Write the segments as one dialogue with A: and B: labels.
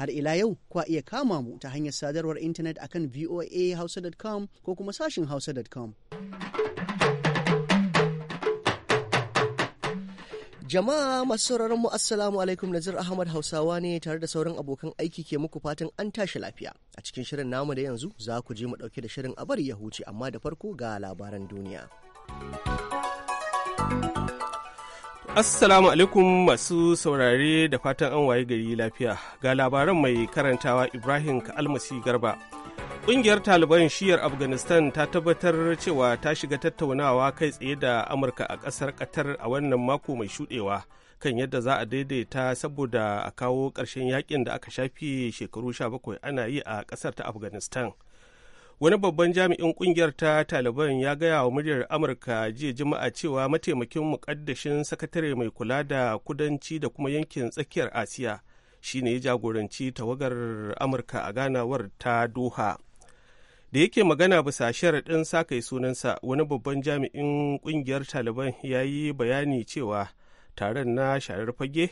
A: Har ila yau kwa iya kama mu ta hanyar sadarwar intanet akan voahausa.com ko kuma sashin hausa.com. Jama'a masu sauraron mu assalamu alaikum Nazir Ahmad Hausawa ne tare da sauran abokan aiki ke muku fatan an tashi lafiya. A cikin shirin namu da yanzu za ku je mu dauke da shirin a bari ya huce amma da farko ga labaran duniya.
B: Assalamu alaikum masu saurare da fatan an waye gari lafiya ga labaran mai karantawa Ibrahim Kalmasi Garba. Ƙungiyar Taliban shiyar Afghanistan ta tabbatar cewa ta shiga tattaunawa kai tsaye da Amurka a ƙasar Qatar a wannan mako mai shuɗewa kan yadda za a daidaita saboda a kawo ƙarshen yakin da aka shafi shekaru 17 ana yi a ƙasar ta Afghanistan. wani babban jami'in kungiyar ta taliban ya gaya wa muryar amurka jiya juma'a cewa mataimakin mukaddashin sakatare mai kula da kudanci da kuma yankin tsakiyar asiya shine ya jagoranci tawagar amurka a ganawar ta doha da yake magana bisa sharaɗin kai sunansa wani babban jami'in kungiyar taliban ya yi bayani cewa taron na sharar fage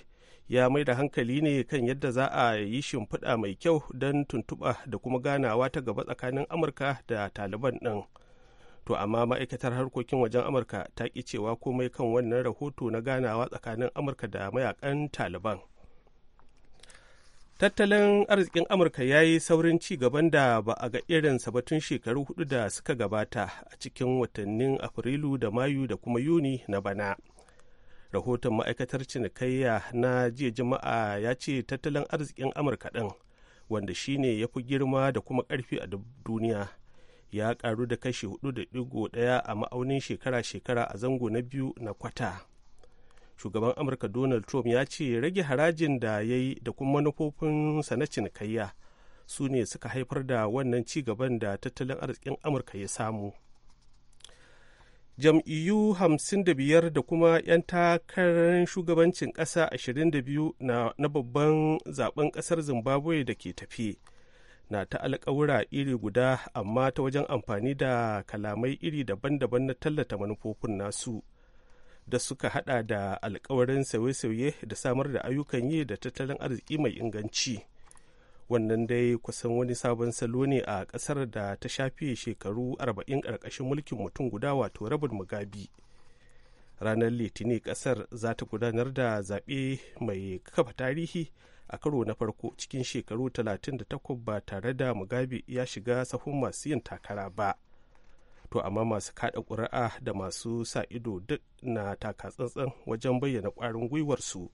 B: ya mai da hankali ne kan yadda za a yi shimfiɗa mai kyau don tuntuɓa da kuma ganawa ta gaba tsakanin amurka da taliban ɗin to amma ma'aikatar harkokin wajen amurka ta ƙi cewa komai kan wannan rahoto na ganawa tsakanin amurka da mayakan taliban tattalin arzikin amurka ya yi saurin ci gaban da ba a ga irinsa ba tun shekaru hudu da suka gabata a cikin watannin afrilu da mayu da kuma yuni na bana rahoton ma'aikatar cinikayya na jiya jama'a ya ce tattalin arzikin amurka ɗin wanda shine ya fi girma da kuma ƙarfi a duniya ya ƙaru da kashi 4.1 a ma'aunin shekara-shekara a zango na biyu na kwata shugaban amurka donald trump ya ce rage harajin da ya yi da kuma manufofinsa na cinikayya su ne suka haifar da wannan ci gaban da tattalin arzikin amurka ya samu jam'iyyu 55 da kuma 'yan takarar shugabancin ƙasa 22 na, babban zaben ƙasar zimbabwe da ke tafi na ta alƙawura iri guda amma ta wajen amfani da kalamai iri daban-daban na tallata manufofin nasu da suka hada da alkawarin sauye-sauye da samar da ayyukan yi da tattalin arziki mai inganci. wannan dai kusan wani sabon salo ne a ƙasar da ta shafi shekaru 40 ƙarƙashin mulkin mutum guda wato rabin mugabi ranar Litini ƙasar za ta gudanar da zaɓe mai kafa tarihi a karo na farko cikin shekaru 38 ba tare da mugabe ya shiga sahun masu yin takara ba to amma masu kada ƙuri'a da masu sa ido duk na takatsantsan wajen bayyana ƙwarin gwiwarsu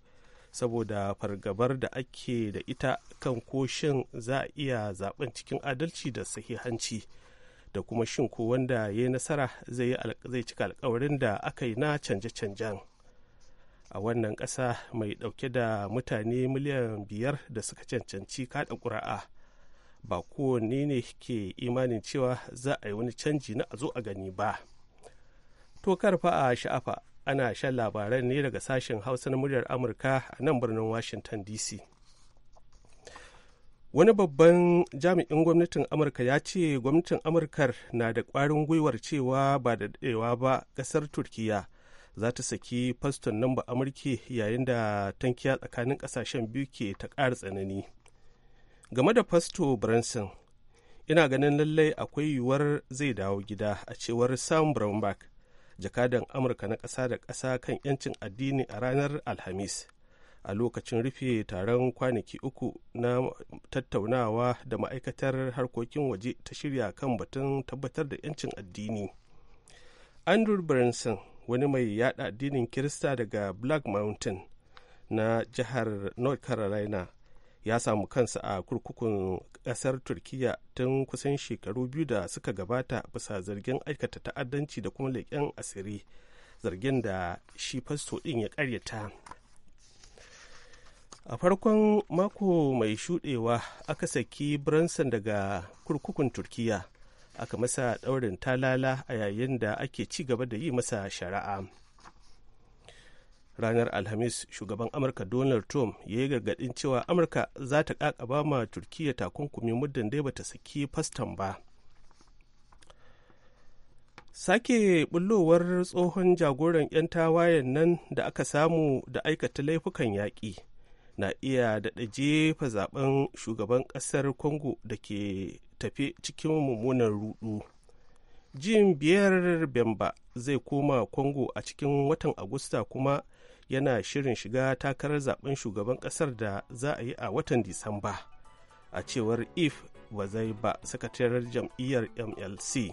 B: saboda fargabar da ake da ita kan ko shin za a iya zaben cikin adalci da sahihanci da kuma shin ko wanda ya yi nasara zai cika alkawarin da aka yi na canje-canjen a wannan ƙasa mai ɗauke da mutane miliyan biyar da suka cancanci kaɗa ƙuri'a ba kowane ne ke imanin cewa za a yi wani canji na a zo a gani ba to karfa a sha'afa ana shan labaran ne daga sashen hausa na muryar amurka a nan birnin washington dc wani babban jami'in gwamnatin amurka ya ce gwamnatin amurkar na da ƙwarin gwiwar cewa ba da daɗewa ba ƙasar turkiya za ta saki faston namba amurki yayin da tankiya tsakanin ƙasashen biyu ke ta ƙara tsanani game da fasto branson ina ganin lallai akwai yiwuwar zai dawo gida a cewar sam brownback jakadan amurka na ƙasa da ƙasa kan 'yancin addini a ranar alhamis a lokacin rufe taron kwanaki uku na tattaunawa da ma'aikatar harkokin waje ta shirya kan batun tabbatar da 'yancin addini andrew branson wani mai yada addinin kirista daga black mountain na jihar north carolina ya samu kansa a kurkukun ƙasar turkiya tun kusan shekaru biyu da suka gabata bisa zargin aikata ta'addanci da kuma leƙen asiri zargin da shi fasto ɗin ya ƙaryata a farkon mako mai shuɗewa aka saki branson daga kurkukun turkiya aka masa ɗaurin talala a yayin da ake ci gaba da yi masa shari'a. ranar alhamis shugaban amurka donald trump ya yi gargadin cewa amurka za ta kakaba ma turkiya takunkumi muddin dai bata saki fastan ba sake bullowar tsohon jagoran 'yan tawayen nan da aka samu da aikata laifukan yaƙi na iya daɗa jefa zaben shugaban ƙasar congo da ke tafi cikin mummunan rudu jim biyar bemba zai koma congo a cikin watan agusta kuma yana shirin shiga takarar zaben shugaban kasar da za a yi a watan disamba a cewar if ba zai ba sakataren jam'iyyar mlc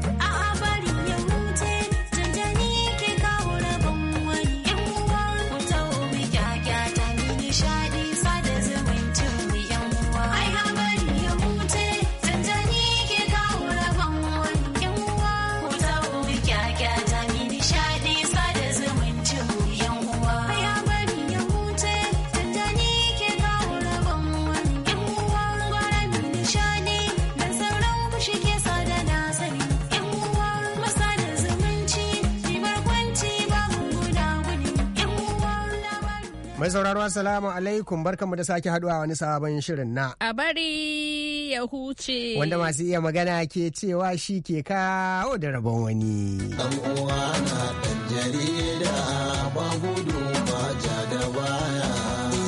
C: sauraro Assalamu alaikum mu da sake haduwa wani sabon shirin na.
D: A bari ya huce. Wanda masu
C: iya magana ke cewa shi ke kawo da rabon wani.
E: na da baya.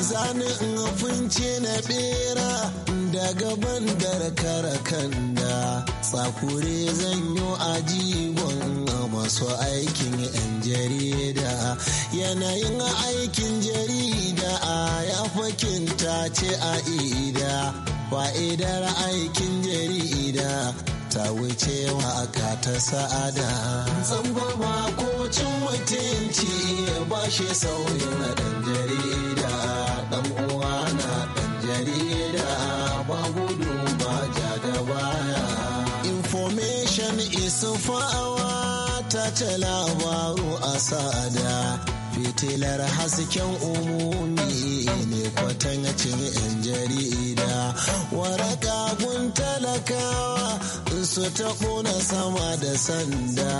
E: Zanin in na bera daga bandar karakanda tsakure zanyo ajibon a masu aikin 'yan jarida yanayin aikin jarida a ya fakinta ce a ida fa'idar aikin jarida ta wuce wa aka ta sa'ada ba ko cin mutunci ba shi sauyin dan jarida dan ba gudu ba ja da baya information is power ta labaru a sada fitilar hasken umumi ne kwatancin yan jarida waraka gun talakawa su ta kuna sama da sanda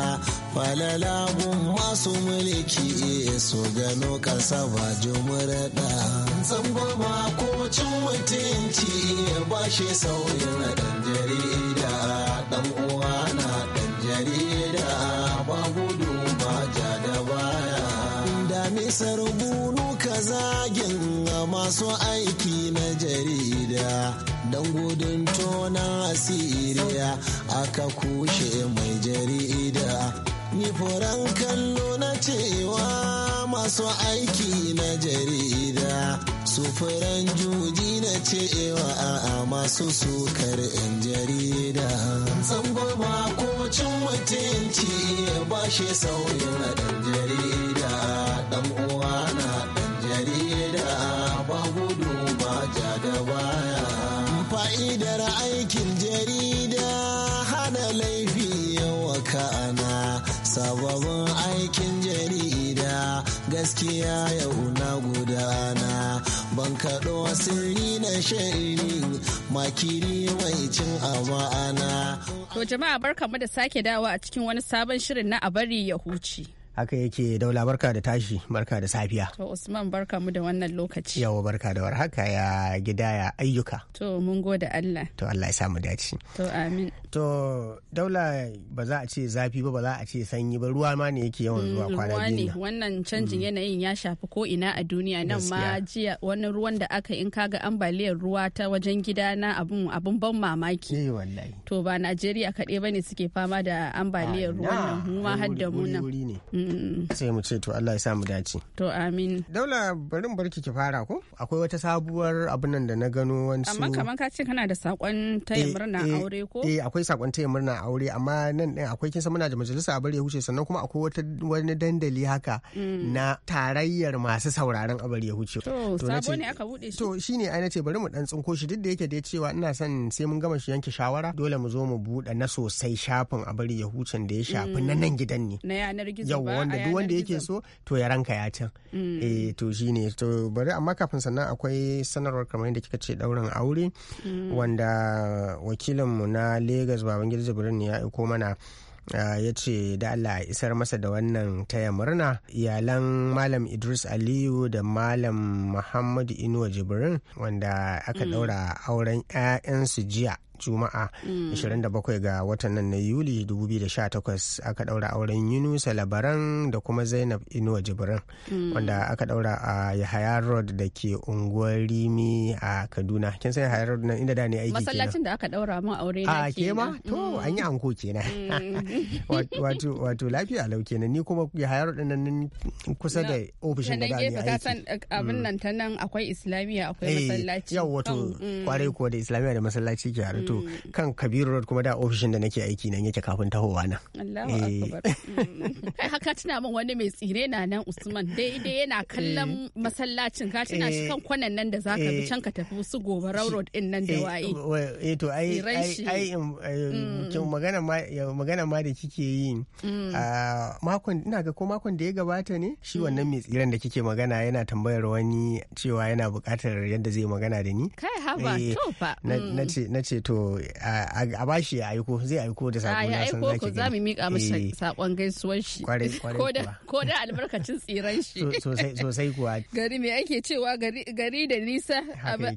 E: falalagun masu mulki su gano kasa ba jumurada
F: zangoma
E: ko cin mutunci ba shi sauyin dan jarida dan uwa na dan jarida kasar bunu ka zagin masu aiki na jarida don gudun tona asiriya aka kushe mai jarida ni furan kallo na cewa masu aiki na jarida su furan juji na cewa a masu sukar 'yan jarida tsangwama ko cin mutunci ba shi sauyin ɗan jarida dan uwana dan jarida ba gudu ba ja da baya fa'idar aikin jarida hana laifi yawa kana sababin aikin jarida gaskiya yau na gudana ban kaɗo sirri na shari makiri mai cin amana.
D: To jama'a barkamu da sake dawa a cikin wani sabon shirin na a bari ya huce.
C: haka yake daula barka da tashi barka da safiya
D: to usman barka mu da wannan lokaci
C: yawa barka da warhaka ya gida ya ayyuka
D: to mun gode allah
C: to allah ya samu dace to amin To daula ba za a ce zafi ba ba za a ce sanyi ba ruwa ma ne yake yawan mm, zuwa kwana biyu. Ruwa ne
D: wannan canjin mm. yanayin ya shafi ko ina a duniya nan ma jiya wani ruwan da aka in kaga ambaliyar ruwa ta wajen gida na abun abun ban mamaki. Eh, to ba Najeriya kaɗai bane suke fama da ambaliyar ruwa nan mu ma har da mu nan. Mm.
C: Sai mu ce to Allah ya sa mu dace. To amin. Daula bari mu barki ki fara ko? Akwai wata sabuwar abun nan da na gano wani Amma kamar
D: ka ce kana da sakon taya eh, murna eh, aure ko? Eh
C: akwai akwai sakon taya murna aure amma nan din akwai kinsa muna da majalisa a bari ya huce sannan kuma akwai wata wani dandali haka mm. na tarayyar masu sauraron a bari ya huce to sabo ne aka bude shi to shine ai nace bari mu dan tsinko shi duk da yake dai cewa ina son sai mun gama shi yanke shawara dole mu zo mu bude na sosai shafin a bari ya huce da ya shafi na mm. nan gidan ne na
D: yanar gizo ba yawa wanda duk wanda yake
C: so to ya ranka ya can mm. eh to shine to bari amma kafin sannan akwai sanarwar kamar yadda kika ce dauran aure wanda wakilinmu na Lagos Legas Babangida Jibrin ya aiko mana ya ce da Allah isar masa da wannan taya murna iyalan Malam Idris Aliyu da Malam Muhammadu Inuwa Jibrin wanda aka daura mm. auren 'ya'yansu jiya juma'a 27 mm. ga watan nan na yuli 2018 aka daura auren yunusa labaran da kuma zainab inuwa jibirin mm. wanda aka daura a yahaya road da ke unguwar rimi a kaduna kin san yahaya road nan inda da ne aiki kenan masallacin
D: da aka daura mun aure na ke ma to mm. an yi
C: anko kenan wato wato lafiya lau kenan ni kuma yahaya road nan kusa da ofishin da da ne aiki eh, abin nan
D: ta nan akwai islamiya akwai eh, masallaci yau wato kwarai
C: kuwa da islamiya da masallaci ke haru to eh. kan kabiru road kuma da ofishin da nake aiki nan yake kafin tahowa nan Allahu eh. mm.
D: haka tuna min wani mai tsire na nan Usman daidai yana eh. kallon masallacin ka tuna shi kan kwanan nan da zaka bi can ka tafi su gobe road din nan da waye
C: eh to ai ai um, mm. magana ma magana ma da kike yi mm. makon ina ga ko makon da ya gabata ne shi wannan mai tsiren da kike magana yana tambayar wani cewa yana buƙatar yadda zai magana da ni
D: kai haba to fa na
C: ce to to a bashi ya aiko zai aiko da sako na san zaki za mu mika eh.
D: sakon gaisuwar shi ko da albarkacin tsiran shi
C: sosai kuwa
D: gari me ake cewa gari da nisa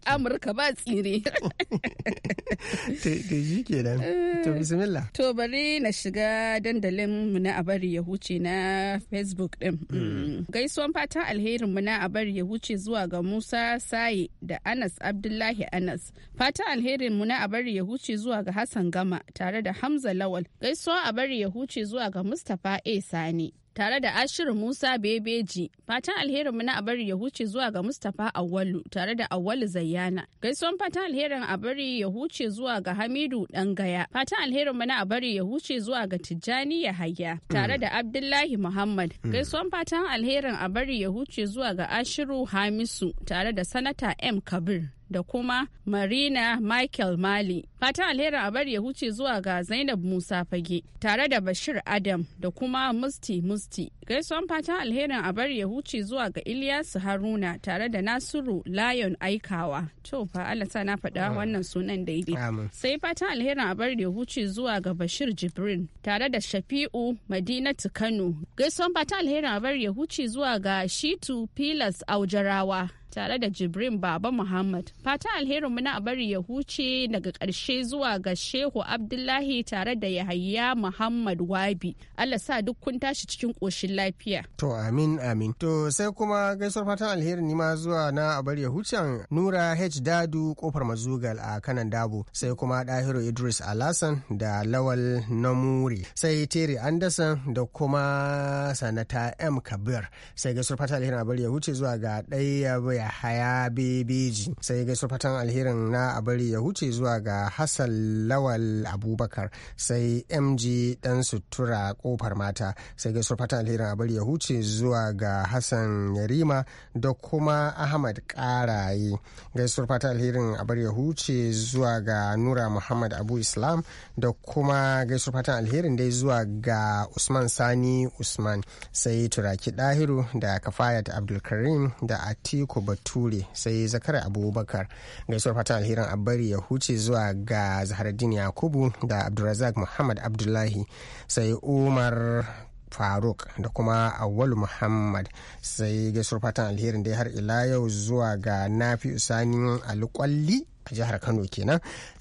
D: amurka ba tsire
C: to shi kenan to eh. bismillah
D: to bari na shiga dandalin mu na abari ya huce na facebook din hmm. mm. gaisuwan fatan alherin mu na abari ya huce zuwa ga musa saye da anas abdullahi anas fatan alherin mu na abari bari ya huce zuwa ga Hassan Gama tare da Hamza Lawal, gaisuwa a bari ya huce zuwa ga Mustapha A Sani. Tare da Ashiru Musa Bebeji, fatan alherinmu na abari ya huce zuwa ga Mustapha Awalu tare da Awalu Zayyana. Gaisuwan fatan alherin abari ya huce zuwa ga Hamidu Dangaya. Fatan alherinmu na abari ya huce zuwa ga Tijjani Yahaya tare da Abdullahi Muhammad. Hmm. Gaisuwan fatan alherin abari ya huce zuwa ga Ashiru Hamisu tare da Sanata M Kabir. da kuma Marina Michael Mali. Fatan alherin a bari ya huce zuwa ga Zainab Musa Fage tare da Bashir Adam da kuma Musti Musti. Gaisuwan fata alherin a bari ya huce zuwa ga Ilyasu Haruna tare da Nasiru Lion Aikawa. To fa Allah sa na faɗa ah. wannan sunan daidai. Sai fatan alherin a bari ya huce zuwa ga Bashir Jibrin tare da Shafi'u Madinatu Kano. Gaisuwan fatan alherin a bari ya huce zuwa ga Shitu Pilas Aujarawa. tare da Jibrin Baba Muhammad. fatan alherin mu na bari ya huce daga ƙarshe zuwa ga Shehu Abdullahi tare da Yahaya Muhammad Wabi. Allah sa duk kun tashi cikin ƙoshin lafiya.
C: To amin amin. To sai kuma gaisuwar fatan alherin ni ma zuwa na bari ya hucen Nura H Dadu kofar Mazugal a kanan Dabo sai kuma Dahiru Idris Alasan da Lawal Namuri sai teri Anderson da kuma Sanata M Kabir sai gaisuwar fatan alherin a bari ya huce zuwa ga ɗaya haya Bebeji. Sai gaisu fatan alherin na a bari ya huce zuwa ga Hassan Lawal Abubakar sai MG dan sutura kofar mata. Sai gaisu fatan alherin a bari ya huce zuwa ga Hassan Yarima da kuma Ahmad Karaye. gaisu fatan alherin a bari ya huce zuwa ga Nura Muhammad Abu Islam da kuma gaisu fatan alherin dai zuwa ga Usman Sani Usman sai Turaki Dahiru da Kafayat Abdulkarim da Atiku bature sai zakar abubakar gaisuwar fatan alherin abari ya huce zuwa ga zaharaddin yakubu da abdulrazak muhammad abdullahi sai umar faruk da kuma awal muhammad sai gaisuwar fatan alherin dai har ila yau zuwa ga nafi usani alƙwalli a jihar kano kenan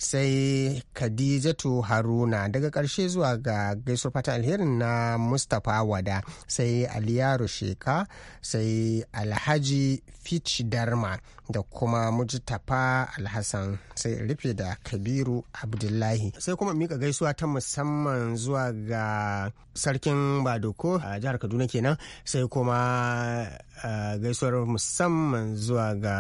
C: sai khadijatu haruna daga karshe zuwa ga gaisuwar fata alherin na mustapha wada sai aliyaru sheka sai alhaji fitch darma da kuma mujtafa alhassan sai rufe da kabiru abdullahi sai kuma mika gaisuwa ta musamman zuwa ga sarkin badoko a jihar kaduna kenan sai kuma eh, gaisuwar musamman zuwa ga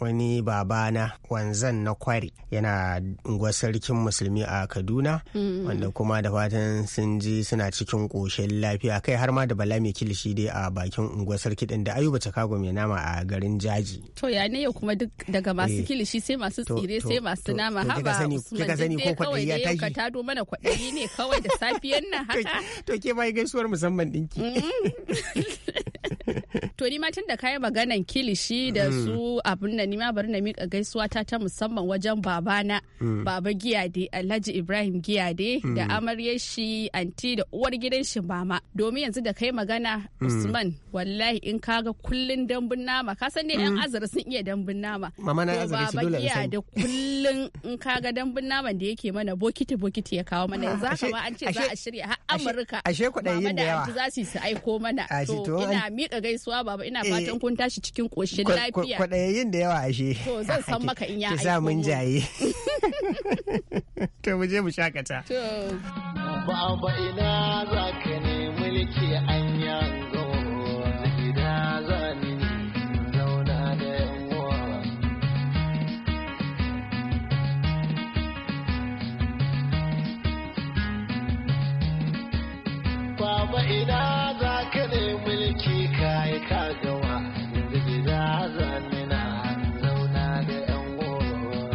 C: wani babana wanzan na kwari yana unguwar sarkin musulmi a kaduna mm. wanda kuma da fatan sun ji suna cikin koshin lafiya kai har ma da bala mai kilishi dai a bakin unguwar sarki din da ayuba chicago mai nama a garin jaji
D: to ya ne kuma duk daga masu eh. kilishi sai masu tsire sai masu nama haba kika sani ko kwaɗayi ya tashi ka tado mana kwaɗayi ne kawai da safiyan nan haka
C: to ke ma gaisuwar musamman dinki. Mm.
D: to ni ma tun da kayi maganan kilishi da mm. su abun nan ni ma bari na mika gaisuwa ta ta musamman wajen babana mm. baba giyade alhaji ibrahim giyade mm. da amaryar shi anti da uwar gidan shi mama domin yanzu da kai magana mm. usman wallahi in kaga kullun dambun nama ka san ne yan mm. azara sun iya dambun nama mama na azara su dole sai da kullun in kaga dambun nama da yake mana bokiti bokiti ya kawo mana yanzu haka ma an ce za a shirya har Amurka ashe kudayin da yawa za su su aiko mana to ina mika gaisuwa baba ina eh. fatan kun tashi cikin koshin lafiya kudayin
C: da yawa ashe to zan san
D: maka in ya aiko za
C: mun jaye to mu je mu shakata
D: to
F: Baba ina za ka ne mulki anya ba ina za ka ne mulki kai ka gawa da gida zanina zauna da yan goro.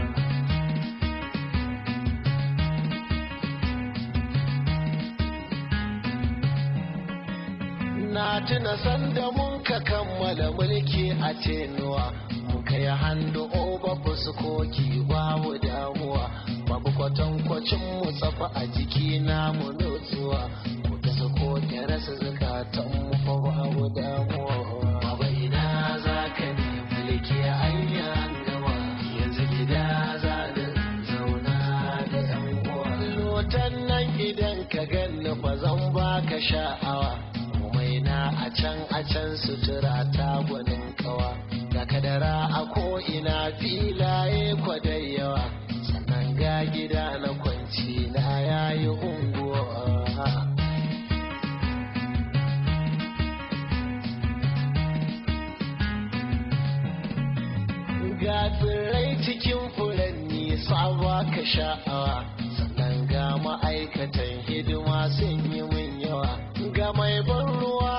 F: na tuna sanda mun ka kammala mulki a tenuwa muka yi hannu oba fuskoki babu damuwa babu kwatankwacin mu tsafa a jiki na mu nutsuwa mu ya rasa zukatan mu fa babu damuwa baba ina zaka ka ne mulki hanya gama yanzu gida za da zauna da yan uwa lotan nan idan ka ganni fa zan baka sha'awa komai na a can a can sutura ta gwanin kawa da a ko ina fila sha'awa sannan ga ma'aikatan hidima sun yi min yawa ga mai ban ruwa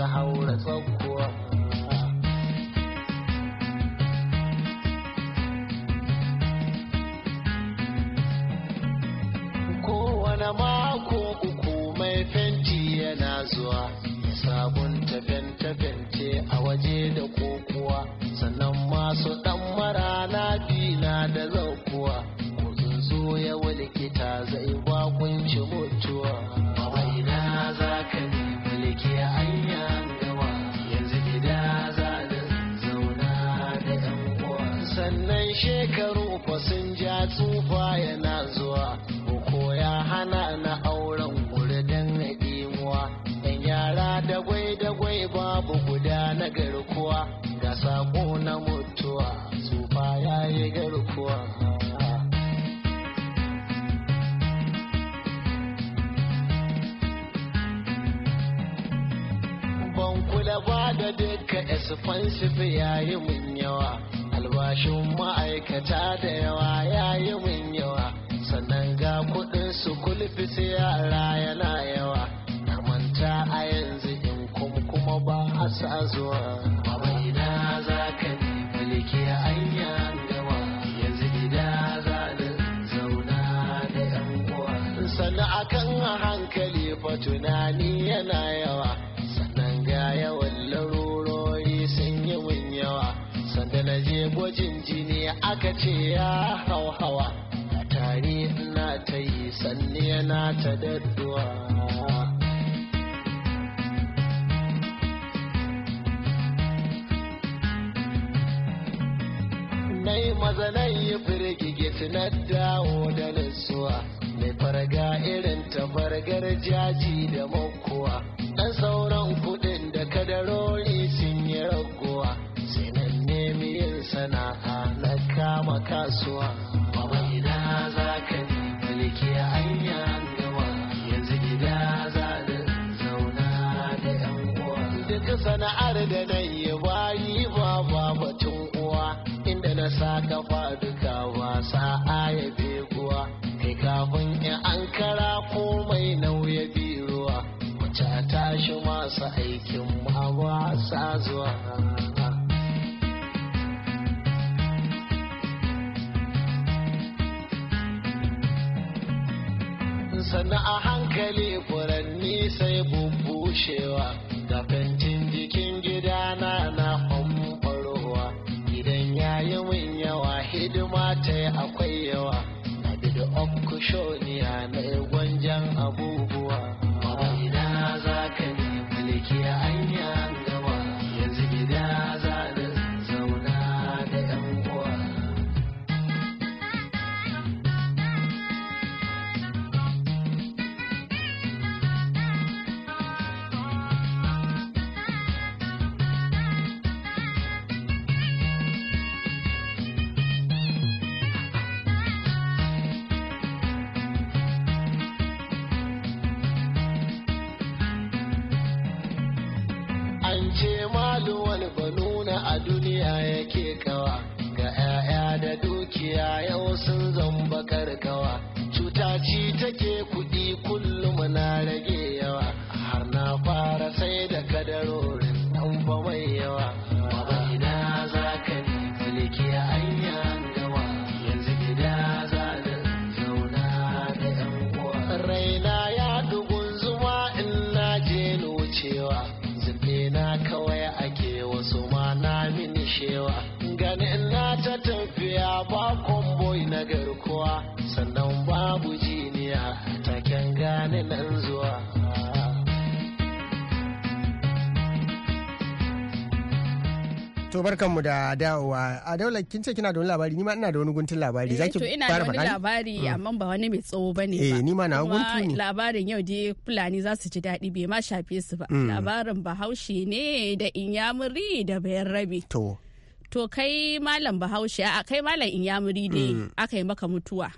F: ta haura tsakkuwa kowane mako uku mai fenti yana zuwa ya sabunta fente-fente a waje da ko sun ja tsufa yana zuwa ko ya hana na auren na imuwa yan yara da gwai da gwai babu guda na garkuwa ga sako na mutuwa tsufa ya yi garkuwa ban kula ba da duka esfansifi yayi mun yawa albashin ma'aikata da yawa ya yi min yawa sannan ga kuɗin su su yara yana yawa na manta a yanzu in kuma ba a sa zuwa za ka yanzu gida za da zauna da yan uwa akan hankali fa tunani yana yawa gwajin jini aka ce ya hau hawa tari na ta yi sanne yana ta dadduwa na yi maza na yi firgige na dawo da nutsuwa mai farga irin ta fargar jaji da makuwa ɗan sauran kuɗin da kadarori kasuwa baba ina za ka ne maliki anya gama yanzu gida za da zauna da yan uwa duka sana'ar da na yi bayi ba ba batun uwa inda na sa kafa duka wasa aya beguwa kai kafin in an kara komai nauya biruwa mace tashi masu aikin ma zuwa sana a hankali furanni sai bushewa, ga fentin jikin gidana na hamfarowa gidan yayi min yawa hidima ta akwai yawa na bidi okushoniya na gwanjan abubuwa wani ba nuna a duniya yake kawa ga 'ya'ya da dukiya yau sun zamba karkawa cuta ci take kuɗi kullum na rage yawa har na fara sai da kadaro
C: To barkanmu da dawowa a daular kin ce kina da wani labari ni ma ina da wani guntun labari zaki fara eh, to ina da wani labari mm. amma
D: ba wani mai tsawo bane ba. Eh ni ma na guntu ne. Labarin yau dai Fulani za su ji daɗi bai ma shafe su ba. Mm. Labarin Bahaushe ne da Inyamuri da bayan rabi. To. To kai malam Bahaushe a kai malam Inyamuri dai mm. aka yi maka mutuwa.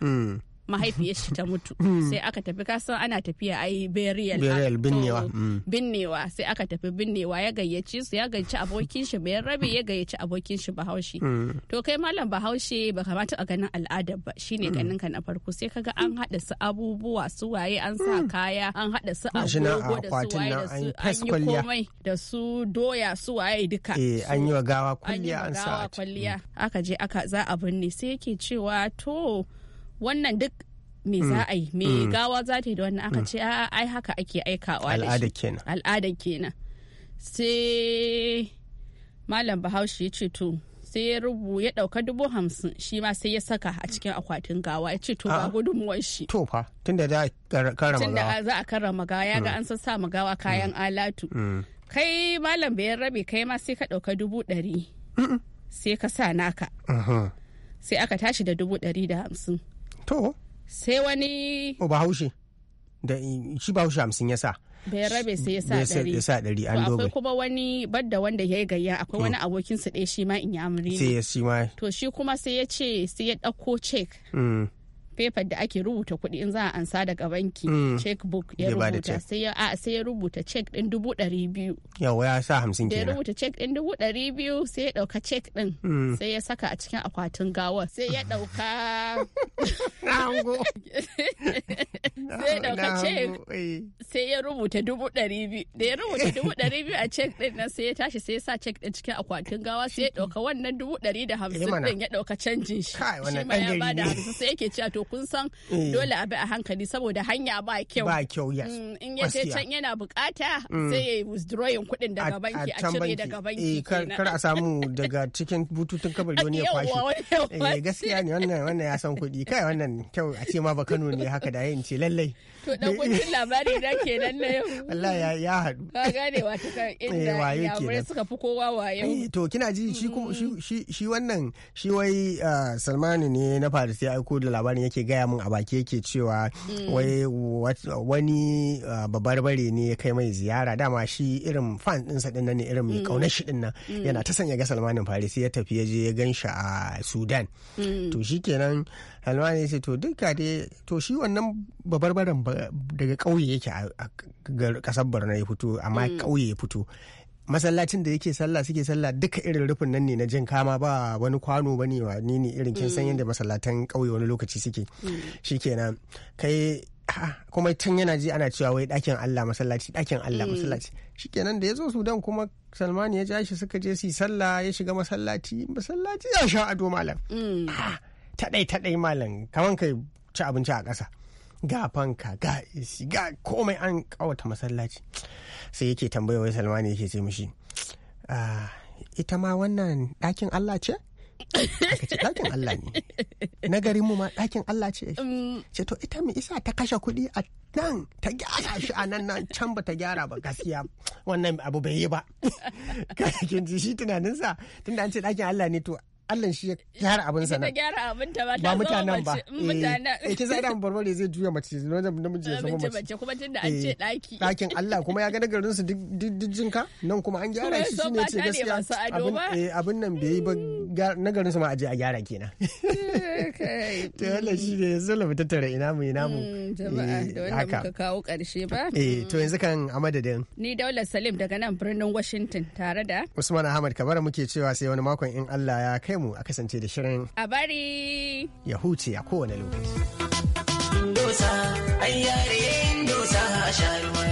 D: mahaifiyar shi ta mutu hmm. sai aka tafi kasan ana tafiya ai burial binnewa hmm. binnewa sai aka tafi binnewa ya gayyaci su ya gayyaci abokin shi bayan rabi ya gayyaci abokin shi bahaushe hmm. to kai malam bahaushe ba kamata a ganin al'adar ba shine ganin ka na farko sai kaga an haɗa su abubuwa su waye an sa kaya an haɗa su abubuwa da su waye da su an yi komai da su doya su waye duka eh, an yi wa
C: gawa kwalliya an sa
D: kwalliya aka je aka za a binne sai yake cewa to wannan duk me mm. za a yi me mm. gawa za ta yi da wannan aka mm. ce a'a ai haka ake aikawa al'ada kenan al'ada kenan sai malam bahaushe ya ce to sai ya rubu ya dauka dubu hamsin shi ma sai ya saka a cikin akwatin gawa ya ce to ba
C: gudunmuwan shi to fa tunda da karrama gawa
D: za a karrama gawa ya ga an san sa gawa kayan alatu kai malam bayan rabe kai ma sai ka dauka dubu dari sai ka sa naka mm-hmm. sai aka tashi da dubu dari da hamsin to sai wani
C: o bahaushe da shi bahaushe hamsin ya sa
D: bai rabe sai ya sa
C: ɗari an dobe akwai kuma
D: wani badda wanda ya yi gayya akwai hmm. wani abokin su ɗaya shi ma in yi amuri sai ya shi ma to shi kuma sai ya ce sai ya ɗauko cek fefar da ake rubuta kuɗi in za a ansa daga banki mm. checkbook ya rubuta sai ya a sai ya rubuta check din dubu ɗari biyu
C: yawa ya sa hamsin kenan ya rubuta
D: check din dubu ɗari biyu sai ya ɗauka check din mm. sai ya saka a cikin akwatin gawar sai ya ɗauka
G: sai ɗauka check
D: eh. sai ya rubuta dubu ɗari biyu da ya rubuta dubu ɗari biyu a check din nan sai ya tashi sai ya sa check din cikin akwatin gawa sai ya ɗauka wannan dubu ɗari da eh, hamsin din ya ɗauka canjin shi shi ma ya bada hamsin sai yake cewa to kun san eh. dole abi a hankali saboda hanya ba kyau ba kyau yes mm, in ya ce can yana bukata mm. sai ya withdrawing kudin daga banki eh, a cire daga banki kar a samu
C: daga cikin bututun kabari wani ya eh gaskiya ne wannan wannan ya san kuɗi kai wannan kyau a ce ma ba Kano ne haka da yayin ce lallai
D: To ɗan kuncin labari da kenan na yau. Allah ya ya haɗu. Ka gane wata kan eh, inda yamurai suka fi kowa yau. Eh,
C: to kina ji shi mm. shi shi wannan shi wai ah, Salmanu ne na Faris ya aiko da labarin yake gaya min a baki yake cewa mm. wai wani ah, babarbare ne ya kai mai ziyara dama shi irin fan ɗinsa ɗin nan ne irin mai kauna mm. shi ɗin nan yana ta sanya ga Salmanin paris ya tafi ya je ya gan shi a Sudan. To shi kenan alwani ya ce to duka dai to shi wannan babarbaran daga ƙauye yake a ƙasar borno ya fito amma mm. ƙauye ya fito masallacin da yake sallah suke sallah duka irin rufin nan ne na jin kama ba wani kwano ba ne wa ni ne irin kin san mm. yadda masallatan ƙauye wani lokaci suke mm. shikenan kai kuma tun yana ji ana cewa wai ɗakin Allah masallaci ɗakin Allah masallaci shikenan da ya zo Sudan kuma Salmani ya ja shi suka je su sallah ya shiga masallaci masallaci ya sha ado malam taɗai taɗai malam kaman kai ci abinci a ƙasa ga fanka ga isi ga komai an ƙawata masallaci sai yake tambaya wai salmani yake ce mishi ah, ita ma wannan ɗakin Allah ce? aka ce ɗakin Allah ne na garin mu ma ɗakin Allah ce mm. ce to ita mi isa ta kashe kuɗi a nan ta gyara shi a nan nan can ba ta gyara ba gaskiya wannan abu bai yi ba kin ji shi tunaninsa tunda an ce ɗakin Allah ne to Allah shi ya gyara abin sana. Ita
D: gyara abin ta ba ta mutanen ba. Mm, mutanen. Ita eh, eh, zai dan
C: barbare zai juya mace zai zama namiji ya zama mace.
D: kuma tunda an ce daki. Eh, Dakin
C: Allah kuma ya ga nagarin su duk jinka nan kuma an gyara shi ne ce gaskiya. Abin nan bai yi ba nagarin su ma aje a gyara kenan.
D: To
C: Allah shi ne yanzu la mu tattara ina mu ina mu. Mm, jama'a da wannan muka
D: kawo karshe ba. Eh to yanzu
C: kan a madadin.
D: Ni Daula Salim daga nan birnin Washington tare da
C: Usman Ahmad Kabara muke cewa sai wani makon in Allah ya kai kai mu a kasance da shirin
D: a bari
C: ya huce a kowane lokaci
D: dosa ayyare dosa
G: a sharuwa